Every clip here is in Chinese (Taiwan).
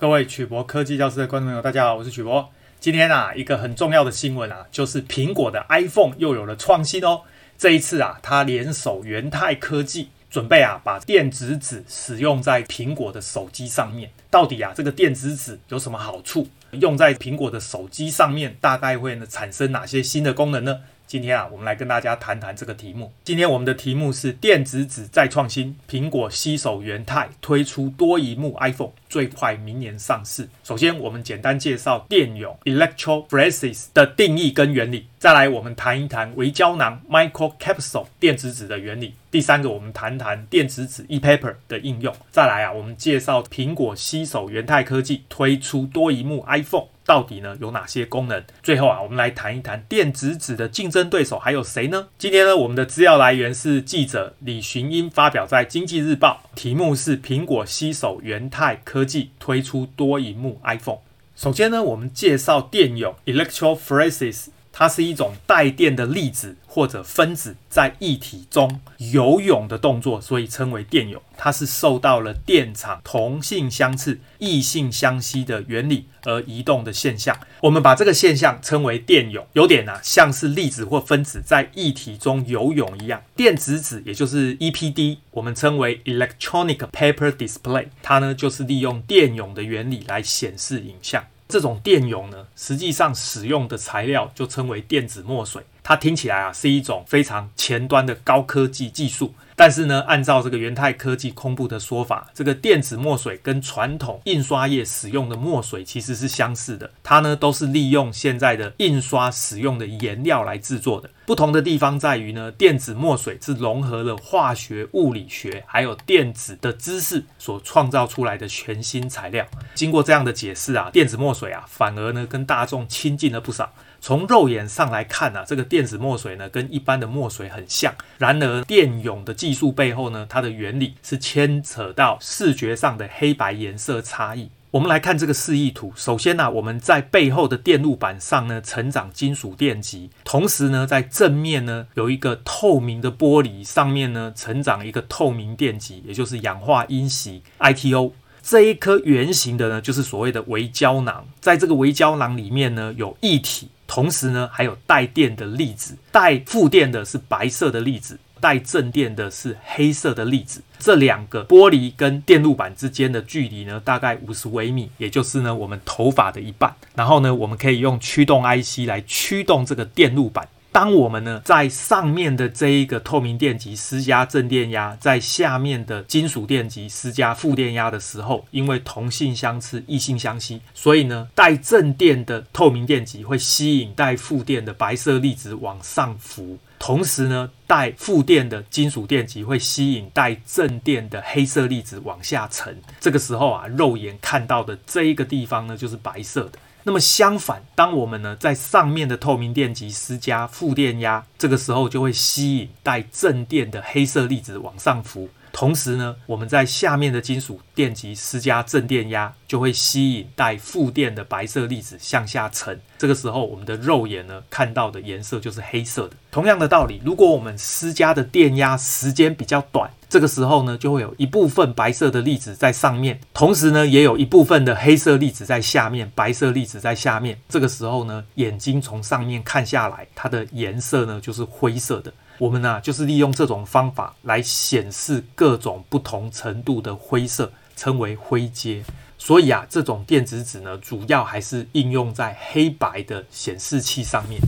各位曲博科技教室的觀眾朋友，大家好，我是曲博。今天啊，一個很重要的新聞啊，就是蘋果的 iPhone 又有了創新哦。這一次啊，它聯手元太科技，準備啊，把電子紙使用在蘋果的手機上面。到底啊，這個電子紙有什麼好處？用在蘋果的手機上面，大概會呢產生哪些新的功能呢？今天啊，我們來跟大家談談這個題目。今天我們的題目是電子紙再創新，蘋果攜手元太推出多螢幕 iPhone，最快明年上市。首先，我們簡單介紹電泳 （electrophoresis） 的定義跟原理。再來，我們談一談微膠囊 （micro capsule） 電子紙的原理。第三個，我們談談電子紙 （e-paper） 的應用。再來啊，我們介紹蘋果攜手元太科技推出多螢幕 iPhone。到底呢，有哪些功能？最後啊，我們來談一談電子紙的競爭對手還有誰呢？今天呢，我們的資料來源是記者李尋英發表在《經濟日報》，題目是“蘋果攜手元太科技推出多螢幕 iPhone”。首先呢，我們介紹電泳 electrophoresis 它是一種帶電的粒子或者分子在液體中游泳的動作，所以稱為電泳。它是受到了電場同性相斥、異性相吸的原理而移動的現象。我們把這個現象稱為電泳，有點吶、啊、像是粒子或分子在液體中游泳一樣。電子紙也就是 EPD，我們稱為 Electronic Paper Display，它呢就是利用電泳的原理來顯示影像。這種電泳呢，實際上使用的材料就稱為電子墨水，它聽起來啊是一種非常前端的高科技技術。但是呢，按照這個元太科技公布的說法，這個電子墨水跟傳統印刷業使用的墨水其實是相似的，它呢都是利用現在的印刷使用的顏料來制作的。不同的地方在於呢，電子墨水是融合了化學、物理學還有電子的知識所創造出來的全新材料。經過這樣的解釋啊，電子墨水啊反而呢跟大眾親近了不少。從肉眼上來看呢啊，這個電子墨水呢跟一般的墨水很像。然而電泳的技技術背後呢，它的原理是牽扯到視覺上的黑白顏色差異。我們來看這個示意圖。首先呢、啊，我們在背後的電路板上呢，成長金屬電極，同時呢，在正面呢，有一個透明的玻璃，上面呢，成長一個透明電極，也就是氧化銦錫 （ITO）。這一顆圓形的呢，就是所謂的微膠囊。在這個微膠囊裡面呢，有液體，同時呢，還有帶電的粒子，帶負電的是白色的粒子。帶正電的是黑色的粒子，這兩個玻璃跟電路板之間的距離呢，大概五十微米，也就是呢我們頭髮的一半。然後呢，我們可以用驅動 IC 來驅動這個電路板。當我們呢在上面的這一個透明電極施加正電壓，在下面的金屬電極施加負電壓的時候，因為同性相斥，異性相吸，所以呢帶正電的透明電極會吸引帶負電的白色粒子往上浮。同時呢，帶負電的金屬電極會吸引帶正電的黑色粒子往下沉。這個時候啊，肉眼看到的這一個地方呢，就是白色的。那麼相反，當我們呢在上面的透明電極施加負電壓，這個時候就會吸引帶正電的黑色粒子往上浮。同時呢，我們在下面的金屬電極施加正電壓，就會吸引帶負電的白色粒子向下沉。這個時候，我們的肉眼呢看到的顏色就是黑色的。同樣的道理，如果我們施加的電壓時間比較短，這個時候呢，就會有一部分白色的粒子在上面，同時呢，也有一部分的黑色粒子在下面，白色粒子在下面。這個時候呢，眼睛從上面看下來，它的顏色呢就是灰色的。我們呢、啊，就是利用這種方法來顯示各種不同程度的灰色，稱為灰階。所以啊，這種電子紙呢，主要還是應用在黑白的顯示器上面。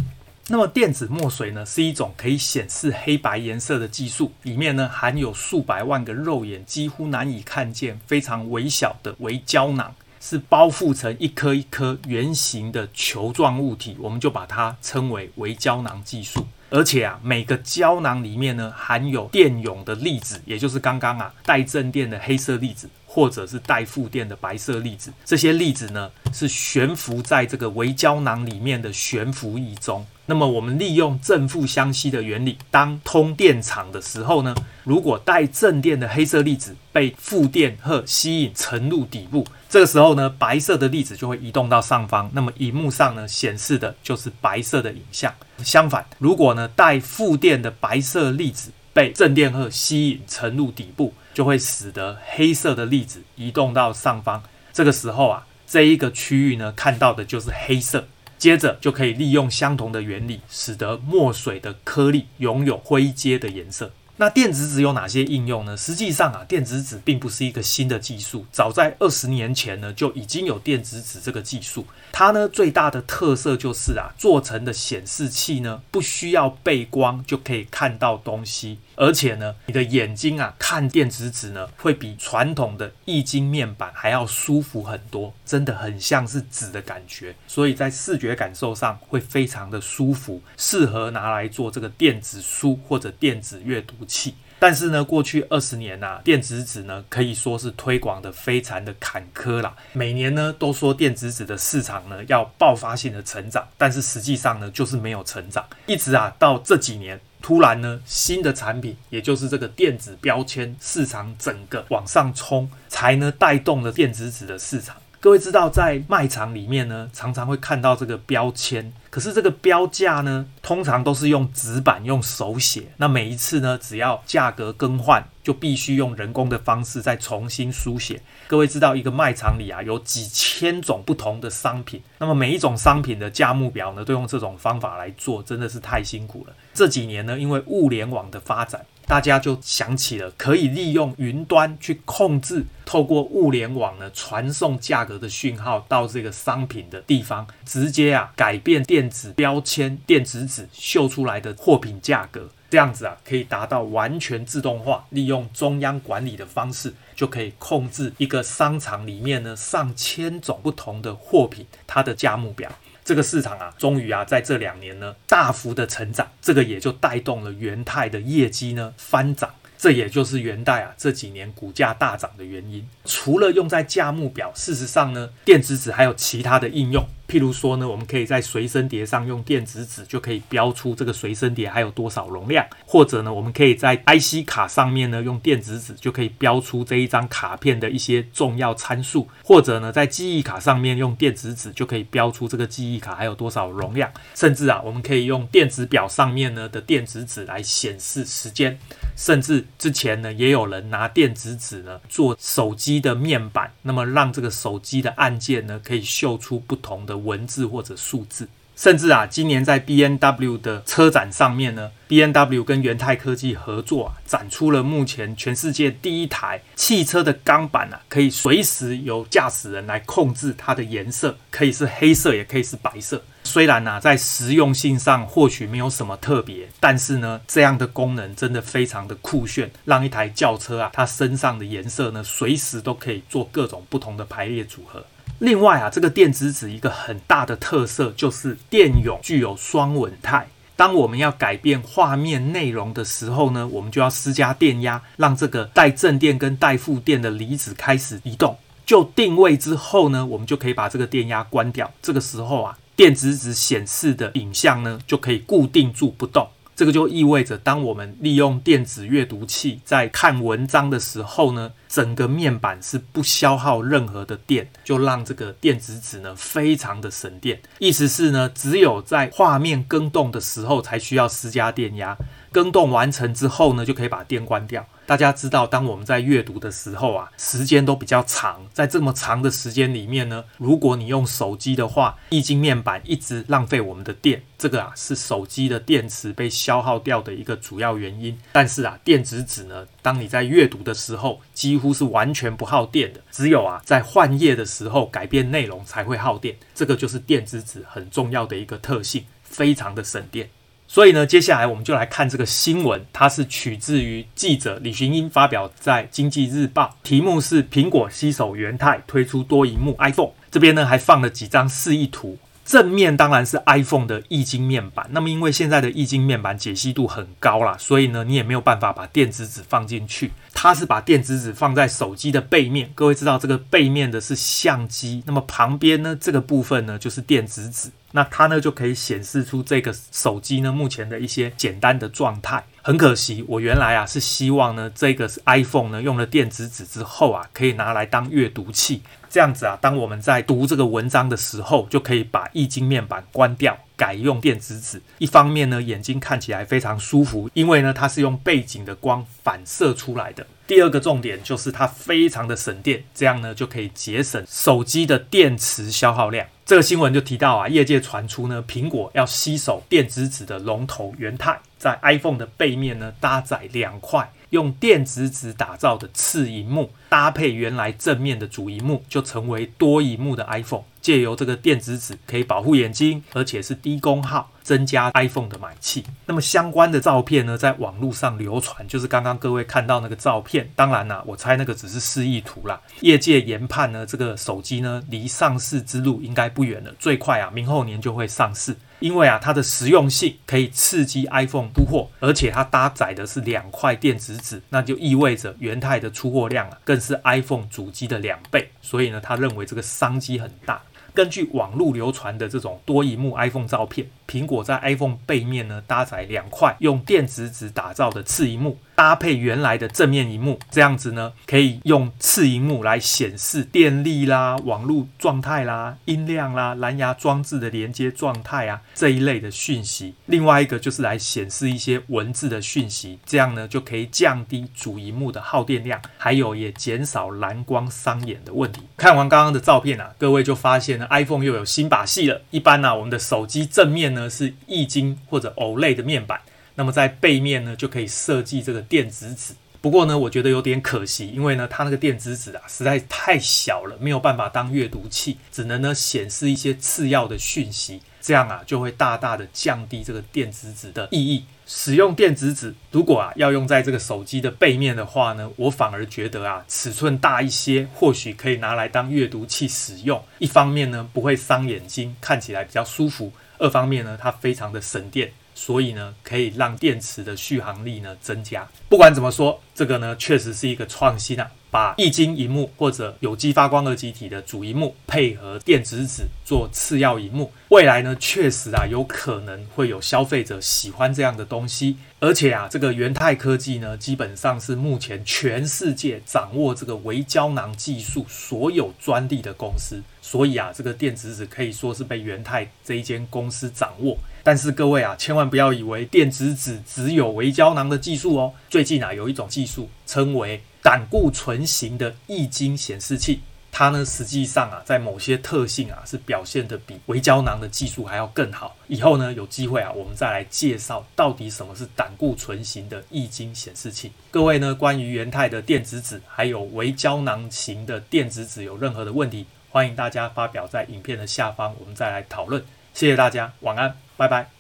那麼電子墨水呢，是一種可以顯示黑白顏色的技術，裡面呢含有數百萬個肉眼幾乎難以看見、非常微小的微膠囊，是包覆成一顆一顆圓形的球狀物體，我們就把它稱為微膠囊技術。而且啊，每個膠囊裡面呢，含有電泳的粒子，也就是剛剛啊帶正電的黑色粒子。或者是帶負電的白色粒子，這些粒子呢是懸浮在這個微膠囊裡面的懸浮液中。那麼我們利用正負相吸的原理，當通電場的時候呢，如果帶正電的黑色粒子被負電荷吸引沉入底部，這個時候呢，白色的粒子就會移動到上方。那麼熒幕上呢顯示的就是白色的影像。相反，如果呢帶負電的白色粒子被正電荷吸引沉入底部。就會使得黑色的粒子移動到上方，這個時候啊，這一個區域呢看到的就是黑色。接着就可以利用相同的原理，使得墨水的顆粒擁有灰階的顏色。那電子紙有哪些應用呢？實際上啊，電子紙並不是一個新的技術，早在二十年前呢就已經有電子紙這個技術。它呢最大的特色就是啊，做成的顯示器呢不需要背光就可以看到東西。而且呢，你的眼睛啊看電子紙呢，會比傳統的液晶面板還要舒服很多，真的很像是紙的感覺，所以在視覺感受上會非常的舒服，適合拿來做這個電子書或者電子閱讀器。但是呢，過去二十年吶、啊，電子紙呢可以說是推廣的非常的坎坷啦。每年呢都說電子紙的市場呢要爆發性的成長，但是實際上呢就是沒有成長，一直啊到這幾年突然呢新的產品，也就是這個電子標籤市場整個往上衝，才呢帶動了電子紙的市場。各位知道，在賣場裡面呢，常常會看到這個標籤，可是這個標價呢，通常都是用紙板用手寫。那每一次呢，只要價格更換，就必須用人工的方式再重新書寫。各位知道，一個賣場裡啊，有幾千種不同的商品，那麼每一種商品的價目表呢，都用這種方法來做，真的是太辛苦了。這幾年呢，因為物聯網的發展。大家就想起了可以利用雲端去控制，透過物聯網呢傳送價格的訊號到這個商品的地方，直接啊改變電子標籤、電子紙秀出來的貨品價格，這樣子啊可以達到完全自動化，利用中央管理的方式就可以控制一個商場裡面呢上千種不同的貨品它的價目表。這個市場啊，終於啊，在這兩年呢，大幅的成長，這個也就帶動了元太的業績呢翻漲，這也就是元太啊這幾年股價大漲的原因。除了用在價目表，事實上呢，電子紙還有其他的應用。譬如說呢，我們可以在隨身碟上用電子紙就可以標出這個隨身碟還有多少容量；或者呢，我們可以在 IC 卡上面呢用電子紙就可以標出這一張卡片的一些重要參數；或者呢，在記憶卡上面用電子紙就可以標出這個記憶卡還有多少容量；甚至啊，我們可以用電子錶上面呢的電子紙來顯示時間；甚至之前呢，也有人拿電子紙呢做手機的面板，那麼讓這個手機的按鍵呢可以秀出不同的。文字或者數字，甚至啊，今年在 BMW 的車展上面呢，BMW 跟元太科技合作啊，展出了目前全世界第一台汽車的鋼板啊，可以隨時由駕駛人來控制它的顏色，可以是黑色，也可以是白色。雖然呢、啊，在實用性上或許沒有什麼特別，但是呢，這樣的功能真的非常的酷炫，讓一台轎車啊，它身上的顏色呢，隨時都可以做各種不同的排列組合。另外啊，這個電子紙一個很大的特色就是電泳具有雙穩態。當我們要改變畫面內容的時候呢，我們就要施加電壓，讓這個帶正電跟帶負電的離子開始移動。就定位之後呢，我們就可以把這個電壓關掉。這個時候啊，電子紙顯示的影像呢，就可以固定住不動。這個就意味着，當我們利用電子閱讀器在看文章的時候呢。整個面板是不消耗任何的電，就讓這個電子紙呢非常的省電。意思是呢，只有在畫面更動的時候才需要施加電壓，更動完成之後呢，就可以把電關掉。大家知道，當我們在閱讀的時候啊，時間都比較長，在這麼長的時間裡面呢，如果你用手機的話，液晶面板一直浪費我們的電，這個啊是手機的電池被消耗掉的一個主要原因。但是啊，電子紙呢，當你在閱讀的時候，幾幾乎是完全不耗電的，只有啊在換頁的時候改變內容才會耗電，這個就是電子紙很重要的一個特性，非常的省電。所以呢，接下來我們就來看這個新聞，它是取自於記者李尋英發表在《經濟日報》，題目是“蘋果攜手元太推出多螢幕 iPhone”，這邊呢還放了幾張示意圖。正面當然是 iPhone 的液晶面板。那麼，因為現在的液晶面板解析度很高啦，所以呢，你也沒有辦法把電子紙放進去。它是把電子紙放在手機的背面。各位知道這個背面的是相機，那麼旁邊呢這個部分呢就是電子紙。那它呢就可以顯示出這個手機呢目前的一些簡單的狀態。很可惜，我原來啊是希望呢，這個是 iPhone 呢用了電子紙之後啊，可以拿來當閱讀器。這樣子啊，當我們在讀這個文章的時候，就可以把液晶面板關掉，改用電子紙。一方面呢，眼睛看起來非常舒服，因為呢它是用背景的光反射出來的。第二個重點就是它非常的省電，這樣呢就可以節省手機的電池消耗量。這個新聞就提到啊，業界傳出呢，蘋果要攜手電子紙的龍頭元太，在 iPhone 的背面呢，搭載兩塊用電子紙打造的次螢幕，搭配原來正面的主螢幕，就成為多螢幕的 iPhone。借由這個電子紙可以保護眼睛，而且是低功耗，增加 iPhone 的買氣。那麼相關的照片呢，在網絡上流傳，就是剛剛各位看到那個照片。當然啦、啊，我猜那個只是示意圖啦。業界研判呢，這個手機呢，離上市之路應該不遠了，最快啊，明後年就會上市。因為啊，它的實用性可以刺激 iPhone 出貨，而且它搭載的是兩塊電子紙，那就意味着元太的出貨量啊，更是 iPhone 主機的兩倍。所以呢，他認為這個商機很大。根據網路流傳的這種多螢幕 iPhone 照片。蘋果在 iPhone 背面呢，搭載兩塊用電子紙打造的次熒幕，搭配原來的正面熒幕，這樣子呢，可以用次熒幕來顯示電力啦、網絡狀態啦、音量啦、藍牙裝置的連接狀態啊這一類的訊息。另外一個就是來顯示一些文字的訊息，這樣呢就可以降低主熒幕的耗電量，還有也減少藍光傷眼的問題。看完剛剛的照片啊，各位就發現呢，iPhone 又有新把戲了。一般呢，啊，我們的手機正面呢。是液晶或者 OLED 的面板，那麼在背面呢，就可以設計這個電子紙。不過呢，我覺得有點可惜，因為呢，它那個電子紙啊，實在太小了，沒有辦法當閱讀器，只能呢顯示一些次要的訊息，這樣啊，就會大大的降低這個電子紙的意義。使用電子紙，如果啊要用在這個手機的背面的話呢，我反而覺得啊，尺寸大一些，或許可以拿來當閱讀器使用。一方面呢，不會傷眼睛，看起來比較舒服。二方面呢，它非常的省電，所以呢可以讓電池的續航力呢增加。不管怎麼說，這個呢確實是一個創新啊。把液晶螢幕或者有機發光二極體的主螢幕配合電子紙做次要螢幕。未來呢確實啊有可能會有消費者喜歡這樣的東西，而且啊這個元太科技呢基本上是目前全世界掌握這個微膠囊技術所有專利的公司，所以啊這個電子紙可以說是被元太這一間公司掌握。但是各位啊，千萬不要以為電子紙只有微膠囊的技術哦。最近啊，有一種技術稱為膽固醇型的液晶顯示器，它呢實際上啊，在某些特性啊是表現得比微膠囊的技術還要更好。以後呢有機會啊，我們再來介紹到底什麼是膽固醇型的液晶顯示器。各位呢，關於元太的電子紙還有微膠囊型的電子紙有任何的問題，歡迎大家發表在影片的下方，我們再來討論。謝謝大家，晚安。拜拜。